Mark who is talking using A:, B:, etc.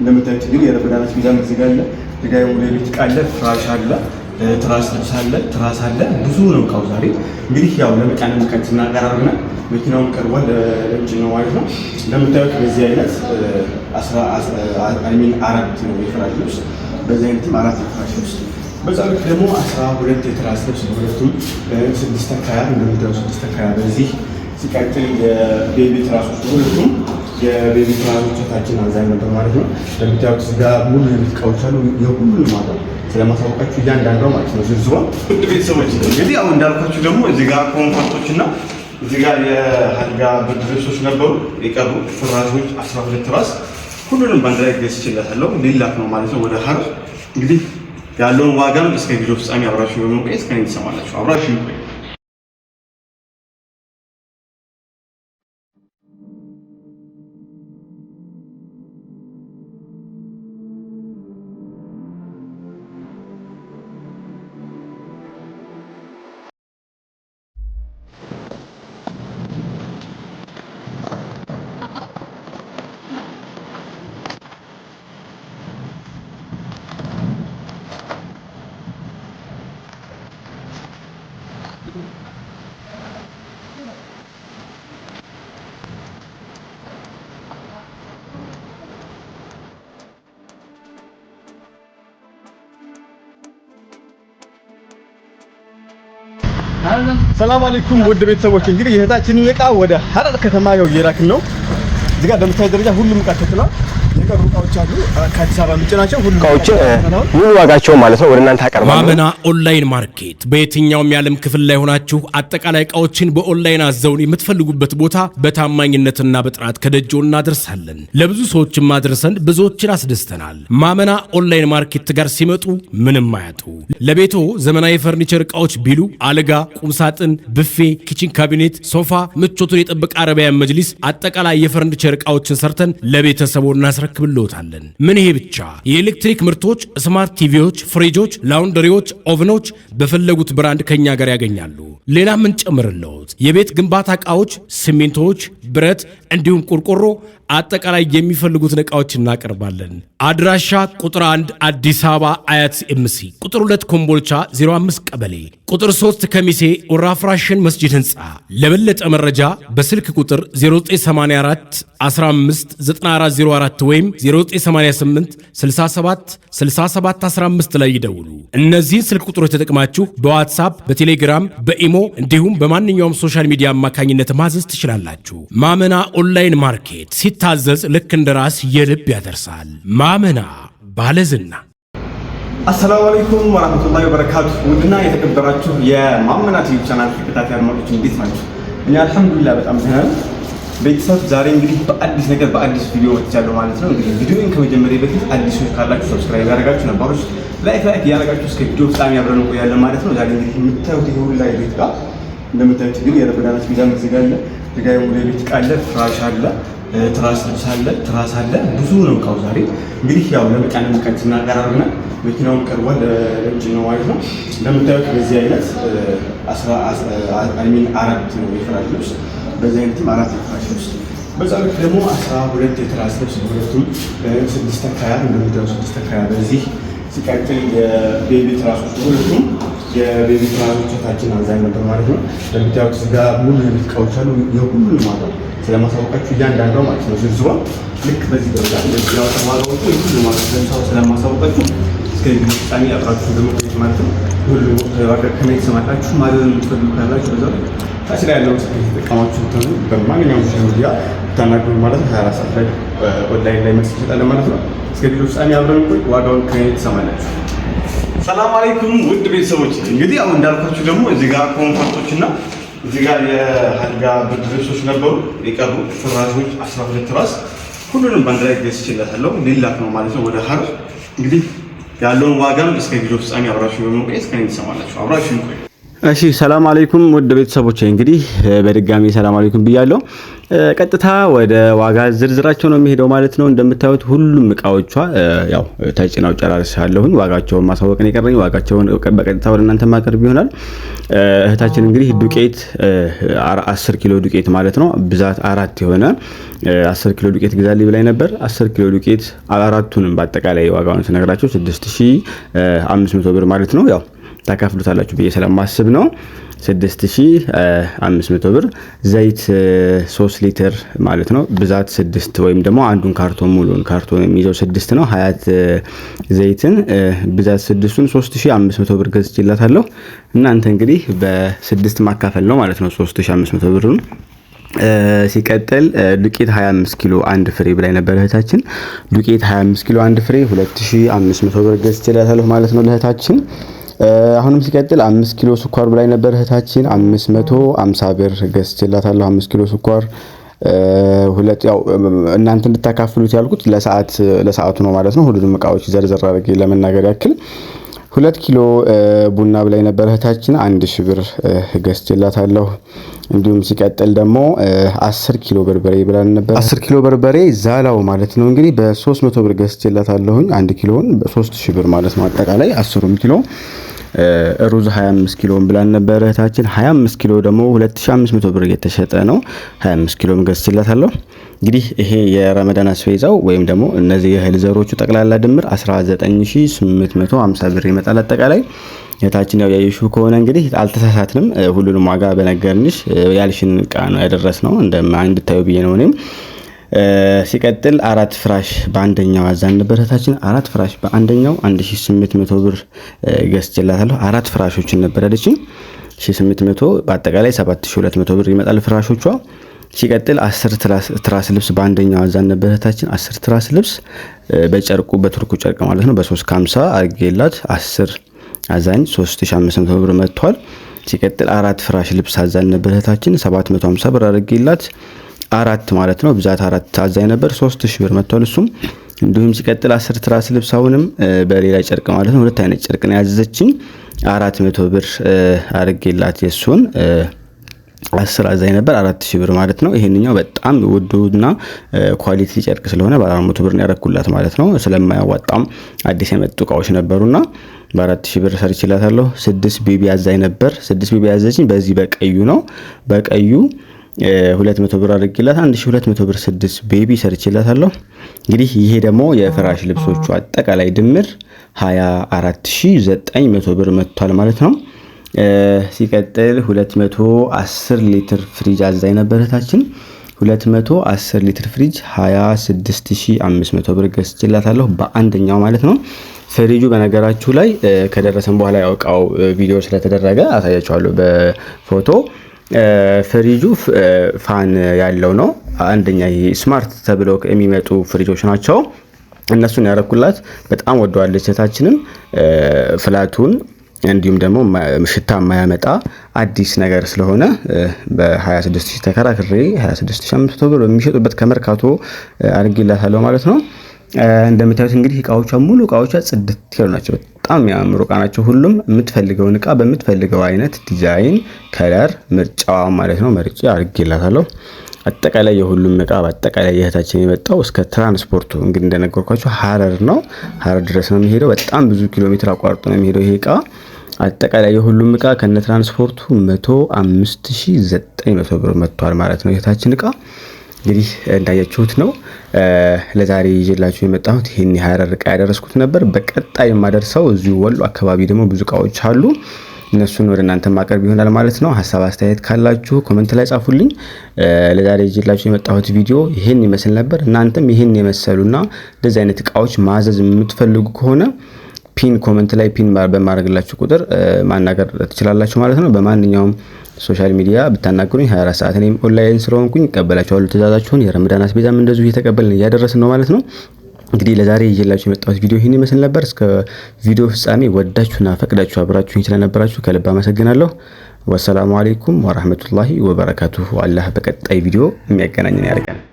A: እንደምታዩት እንግዲህ የረመዳን አስቤዛ መዘጋለ ጋ ቤት ቃለ ፍራሽ አለ ትራስ ልብስ አለ ትራስ አለ ብዙ ነው እቃው። ዛሬ እንግዲህ ያው ለመጫን ሙቀት እናቀራርና መኪናውን ቀርቧል ለእጅ ነው ማለት ነው። እንደምታዩት በዚህ አይነት ሚን አራት ነው የፍራሽ ልብስ፣ በዚህ አይነትም አራት የፍራሽ ልብስ፣ በዛ ልክ ደግሞ አስራ ሁለት የትራስ ልብስ ሁለቱም ስድስት አካያ እንደምታዩት ስድስት አካያ በዚህ ሲቀጥል የቤቢ ትራሶች ሁለቱም የቤቢ ክላሶቻችን አዛኝ ነበር ማለት ነው። ለምታዩት እዚህ ሙሉ የቤት እቃዎች አሉ። የሁሉም ማለት ነው ስለማሳወቃችሁ እያንዳንዷ ማለት ነው ዝርዝሯ። ውድ ቤተሰቦች እንግዲህ አሁን እንዳልኳችሁ ደግሞ እዚህ ኮንፈርቶች እና እዚህ የአልጋ ብርድ ልብሶች ነበሩ የቀሩ ፍራሾች፣ አስራ ሁለት ራስ ሁሉንም በአንድ ላይ ገዝቼላታለሁ። ሊላክ ነው ማለት ነው ወደ ሀረር። እንግዲህ ያለውን ዋጋም እስከ ቪዲዮ ፍጻሜ አብራችሁ በመቆየት ከእኔ ትሰማላችሁ። አብራችሁ ሰላም አለይኩም ውድ ቤተሰቦች፣ እንግዲህ የእህታችንን እቃ ወደ ሀረር ከተማ የላክን ነው። እዚህ ጋር በምታዩት ደረጃ ሁሉም እቃ ተችሏል። ሙሉ
B: ማለት ነው ወደ እናንተ አቀርባለሁ። ማመና ኦንላይን ማርኬት በየትኛውም የዓለም ክፍል ላይ ሆናችሁ አጠቃላይ እቃዎችን በኦንላይን አዘውን የምትፈልጉበት ቦታ በታማኝነትና በጥራት ከደጆ እናደርሳለን። ለብዙ ሰዎችም አድርሰን ብዙዎችን አስደስተናል። ማመና ኦንላይን ማርኬት ጋር ሲመጡ ምንም አያጡ። ለቤቶ ዘመናዊ የፈርኒቸር እቃዎች ቢሉ አልጋ፣ ቁምሳጥን፣ ብፌ፣ ኪችን ካቢኔት፣ ሶፋ፣ ምቾቱን የጠበቀ አረቢያን መጅሊስ፣ አጠቃላይ የፈርኒቸር እቃዎችን ሰርተን ለቤተሰቦ እናስረክ እናስረክብልዎታለን። ምን ይሄ ብቻ የኤሌክትሪክ ምርቶች፣ ስማርት ቲቪዎች፣ ፍሪጆች፣ ላውንደሪዎች፣ ኦቭኖች በፈለጉት ብራንድ ከኛ ጋር ያገኛሉ። ሌላ ምን ጨምርለውት? የቤት ግንባታ እቃዎች፣ ሲሚንቶዎች፣ ብረት እንዲሁም ቆርቆሮ አጠቃላይ የሚፈልጉትን ዕቃዎች እናቀርባለን። አድራሻ ቁጥር 1 አዲስ አበባ አያት ኤምሲ፣ ቁጥር 2 ኮምቦልቻ 05 ቀበሌ፣ ቁጥር 3 ከሚሴ ወራፍራሽን መስጂድ ህንፃ። ለበለጠ መረጃ በስልክ ቁጥር 0984 15 9404 ወይም ወይም 0988676715 ላይ ይደውሉ። እነዚህን ስልክ ቁጥሮች ተጠቅማችሁ በዋትሳፕ በቴሌግራም በኢሞ እንዲሁም በማንኛውም ሶሻል ሚዲያ አማካኝነት ማዘዝ ትችላላችሁ። ማመና ኦንላይን ማርኬት ሲታዘዝ ልክ እንደ ራስ የልብ ያደርሳል። ማመና ባለዝና
A: አሰላሙ አለይኩም ወራህመቱላሂ ወበረካቱ። ውድና የተከበራችሁ የማመና ዩቲዩብ ቻናል ተከታታይ አድማጮች እንዴት ናችሁ? እኔ አልሐምዱሊላህ በጣም ደህና ነኝ። ቤተሰብ ዛሬ እንግዲህ በአዲስ ነገር በአዲስ ቪዲዮ ወጥቻለሁ ማለት ነው። እንግዲህ ቪዲዮን ከመጀመሪያ በፊት አዲሶች ካላችሁ ሰብስክራይብ ያደረጋችሁ ነባሮች ላይክ ላይክ ያደረጋችሁ እስከ ቪዲዮ ፍጻሜ አብረን እንቆያለን ማለት ነው። ዛሬ እንግዲህ የምታዩት ይሁን ላይ ቤት ጋር እንደምታዩት ግን የረፈዳናች ሚዛን ዝጋለ ድጋይ ሙሉ ቤት ቃለ ፍራሽ አለ ትራስ ልብስ አለ ትራስ አለ ብዙ ነው እቃው። ዛሬ እንግዲህ ያው ለመቃን ምቀት እናቀራርና መኪናውን ቀርቧል ለእጅ ነው ማለት ነው። እንደምታዩት በዚህ አይነት አራት ነው የፍራሽ ልብስ በዚህ አይነትም አራት ፍራሽ ውስጥ በዛ ልክ ደግሞ አስራ ሁለት የትራስ ልብስ ሁለቱም ስድስት አካያ እንደሚደረው ስድስት አካያ በዚህ ሲቀጥል የቤቢ ትራሶች ሁለቱም የቤቢ ትራሶቻችን አብዛኛው ነበር ማለት ነው። ለምታዩት ስጋ ሙሉ የቤት አሉ። የሁሉንም ማለት ስለማሳወቃችሁ እያንዳንዷ ማለት ነው ዝርዝሯ ልክ በዚህ ደረጃ ያው ተማሪዎቹ ማለት ዋጋ ስለማሳወቃችሁ እስከ ፍጻሜ አብራችሁ ደግሞ ማለት ነው ሁሉ ዋጋ ከናይ ሰማጣችሁ ማዘዝ የምትፈልጉ ካላችሁ በዛ ታች ላይ ያለውን ስልክ የተጠቀማችሁ ብትሆኑ በማንኛውም ሶሻል ሚዲያ ብታናግሩ ማለት ነው። 24 ሰዓት ላይ ኦንላይን ላይ መልስ እንሰጣለን ማለት ነው። እስከ ቪዲዮ ፍጻሜ አብረን ቆይ። ዋጋውን ከኔ ትሰማላችሁ። ሰላም አለይኩም ውድ ቤተሰቦች፣ እንግዲህ አሁን እንዳልኳችሁ ደግሞ እዚህ ጋር ኮንፈርቶች እና እዚህ ጋር የአልጋ ብርድ ልብሶች ነበሩ የቀሩ ፍራሾች 12 ራስ ሁሉንም በአንድ ላይ ገዝቼላታለሁ። ሊላክ ነው ማለት ነው ወደ ሀረር። እንግዲህ ያለውን ዋጋም እስከ ቪዲዮ ፍጻሜ አብራችሁ በመቆየት ከኔ ትሰማላችሁ። አብራችሁ ቆዩ።
B: እሺ ሰላም አለይኩም ውድ ቤተሰቦች፣ እንግዲህ በድጋሚ ሰላም አለይኩም ብያለሁ። ቀጥታ ወደ ዋጋ ዝርዝራቸው ነው የሚሄደው ማለት ነው። እንደምታዩት ሁሉም እቃዎቿ ያው ተጭነው ጨራርሻለሁኝ። ዋጋቸውን ማሳወቅ ነው የቀረኝ። ዋጋቸውን በቀጥታ ወደ እናንተ ማቅረብ ይሆናል። እህታችን እንግዲህ ዱቄት 10 ኪሎ ዱቄት ማለት ነው ብዛት አራት የሆነ 10 ኪሎ ዱቄት ግዛልኝ ብላኝ ነበር። 10 ኪሎ ዱቄት አራቱንም በአጠቃላይ ዋጋውን ስነግራቸው 6500 ብር ማለት ነው ያው ታካፍሉታላችሁ ብዬ ስለማስብ ነው። 6500 ብር ዘይት 3 ሊትር ማለት ነው። ብዛት 6 ወይም ደግሞ አንዱን ካርቶን ሙሉን ካርቶን የሚይዘው 6 ነው። ሀያት ዘይትን ብዛት 6ቱን 3500 ብር ገዝችላታለሁ። እናንተ እንግዲህ በ6 ማካፈል ነው ማለት ነው 3500 ብሩን ሲቀጥል ዱቄት 25 ኪሎ አንድ ፍሬ ብላይ ነበር እህታችን። ዱቄት 25 ኪሎ አንድ ፍሬ 2500 ብር ገዝቼላታለሁ ማለት ነው ለእህታችን አሁንም ሲቀጥል አምስት ኪሎ ስኳር ብላይ ነበር እህታችን አምስት መቶ አምሳ ብር ገዝቼላታለሁ። አምስት ኪሎ ስኳር ሁለት ያው እናንተ እንድታካፍሉት ያልኩት ለሰዓት ለሰዓቱ ነው ማለት ነው። ሁሉንም እቃዎች ዘርዘር አድርጌ ለመናገር ያክል ሁለት ኪሎ ቡና ብላይ ነበር እህታችን አንድ ሺ ብር ገዝቼላታለሁ። እንዲሁም ሲቀጥል ደግሞ አስር ኪሎ በርበሬ ብላን ነበር። አስር ኪሎ በርበሬ ዛላው ማለት ነው እንግዲህ በሶስት መቶ ብር ገዝቼላታለሁኝ አንድ ኪሎን በሶስት ሺ ብር ማለት ነው። አጠቃላይ አስሩም ኪሎ ሩዝ 25 ኪሎ ብላን ነበረ እህታችን። 25 ኪሎ ደግሞ 2500 ብር የተሸጠ ነው። 25 ኪሎም ገዝቼላታለሁ። እንግዲህ ይሄ የረመዳን አስፈይዛው ወይም ደግሞ እነዚህ የእህል ዘሮቹ ጠቅላላ ድምር 19850 ብር ይመጣል። አጠቃላይ እህታችን ያው ያየሽው ከሆነ እንግዲህ አልተሳሳትንም። ሁሉንም ዋጋ በነገርንሽ ያልሽን እቃ ነው ያደረስ ነው እንድታዩ ብዬ ነው እኔም ሲቀጥል አራት ፍራሽ በአንደኛው አዛን ነበር እህታችን። አራት ፍራሽ በአንደኛው 1800 ብር ገዝቼላታለሁ። አራት ፍራሾችን ነበር ያለችኝ 1800፣ በአጠቃላይ 7200 ብር ይመጣል ፍራሾቿ። ሲቀጥል 10 ትራስ ልብስ በአንደኛው አዛን ነበር እህታችን። 10 ትራስ ልብስ በጨርቁ በቱርኩ ጨርቅ ማለት ነው በ350 አርጌላት 10 አዛኝ 3500 ብር መጥቷል። ሲቀጥል አራት ፍራሽ ልብስ አዛን ነበር እህታችን 750 ብር አርጌላት አራት ማለት ነው። ብዛት አራት አዛኝ ነበር። ሶስት ሺ ብር መጥቷል። እሱም እንዲሁም ሲቀጥል አስር ትራስ ልብስ አሁንም በሌላ ጨርቅ ማለት ነው። ሁለት አይነት ጨርቅ ነው ያዘችኝ። አራት መቶ ብር አድርጌላት የሱን አስር አዛኝ ነበር አራት ሺህ ብር ማለት ነው። ይሄንኛው በጣም ውዱና ኳሊቲ ጨርቅ ስለሆነ ባለ መቶ ብር ያረኩላት ማለት ነው። ስለማያዋጣም አዲስ የመጡ እቃዎች ነበሩና በአራት ሺህ ብር ሰርችላታለሁ። ስድስት ቢቢ አዛኝ ነበር። ስድስት ቢቢ ያዘችኝ በዚህ በቀዩ ነው በቀዩ ሁለት መቶ ብር አድርጌላት አንድ ሺ ሁለት መቶ ብር ስድስት ቤቢ ሰርችላታለሁ። እንግዲህ ይሄ ደግሞ የፍራሽ ልብሶቹ አጠቃላይ ድምር ሀያ አራት ሺ ዘጠኝ መቶ ብር መጥቷል ማለት ነው። ሲቀጥል ሁለት መቶ አስር ሊትር ፍሪጅ አዛኝ ነበረታችን አስር ሊትር ፍሪጅ ሺ መቶ ብር ገዝቼላታለሁ በአንደኛው ማለት ነው። ፍሪጁ በነገራችሁ ላይ ከደረሰን በኋላ ያውቃው ቪዲዮ ስለተደረገ አሳያችኋለሁ በፎቶ ፍሪጁ ፋን ያለው ነው። አንደኛ ስማርት ተብሎ የሚመጡ ፍሪጆች ናቸው። እነሱን ያረኩላት በጣም ወደዋለች። እህታችንም ፍላቱን እንዲሁም ደግሞ ሽታ የማያመጣ አዲስ ነገር ስለሆነ በ26 ሺህ ተከራክሬ 26500 ብር የሚሸጡበት ከመርካቶ አድርጌላታለሁ ማለት ነው። እንደምታዩት እንግዲህ እቃዎቿ ሙሉ እቃዎቿ ጽድት ያሉ ናቸው። በጣም የሚያምሩ እቃ ናቸው። ሁሉም የምትፈልገውን እቃ በምትፈልገው አይነት ዲዛይን፣ ከለር ምርጫዋ ማለት ነው መርጬ አድርጌላታለሁ። አጠቃላይ የሁሉም እቃ በአጠቃላይ እህታችን የመጣው እስከ ትራንስፖርቱ እንግዲህ እንደነገርኳቸው ሀረር ነው። ሀረር ድረስ ነው የሚሄደው። በጣም ብዙ ኪሎ ሜትር አቋርጦ ነው የሚሄደው ይሄ እቃ። አጠቃላይ የሁሉም እቃ ከነ ትራንስፖርቱ መቶ አምስት ሺ ዘጠኝ መቶ ብር መጥቷል ማለት ነው የእህታችን እቃ እንግዲህ እንዳያችሁት ነው ለዛሬ ይዤላችሁ የመጣሁት ይህን የሀረር እቃ ያደረስኩት ነበር። በቀጣይ የማደርሰው እዚሁ ወሎ አካባቢ ደግሞ ብዙ እቃዎች አሉ። እነሱን ወደ እናንተ ማቅረብ ይሆናል ማለት ነው። ሀሳብ አስተያየት ካላችሁ ኮመንት ላይ ጻፉልኝ። ለዛሬ ይዤላችሁ የመጣሁት ቪዲዮ ይህን ይመስል ነበር። እናንተም ይህን የመሰሉና እንደዚህ አይነት እቃዎች ማዘዝ የምትፈልጉ ከሆነ ፒን ኮመንት ላይ ፒን በማድረግላችሁ ቁጥር ማናገር ትችላላችሁ ማለት ነው። በማንኛውም ሶሻል ሚዲያ ብታናግሩኝ 24 ሰዓት እኔም ኦንላይን ስለሆንኩኝ ይቀበላቸዋሉ ትእዛዛችሁን። የረመዳን አስቤዛም እንደዚሁ እየተቀበልን እያደረስን ነው ማለት ነው። እንግዲህ ለዛሬ ይዤላችሁ የመጣሁት ቪዲዮ ይህን ይመስል ነበር። እስከ ቪዲዮ ፍጻሜ ወዳችሁና ፈቅዳችሁ አብራችሁኝ ስለነበራችሁ ከልብ አመሰግናለሁ። ወሰላሙ አሌይኩም ወራህመቱላሂ ወበረካቱሁ። አላህ በቀጣይ ቪዲዮ የሚያገናኝን ያደርገን።